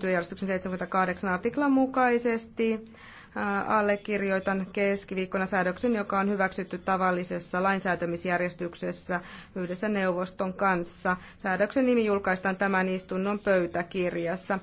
työjärjestyksen 78 artiklan mukaisesti allekirjoitan keskiviikkona säädöksen, joka on hyväksytty tavallisessa lainsäätämisjärjestyksessä yhdessä neuvoston kanssa. Säädöksen nimi julkaistaan tämän istunnon pöytäkirjassa.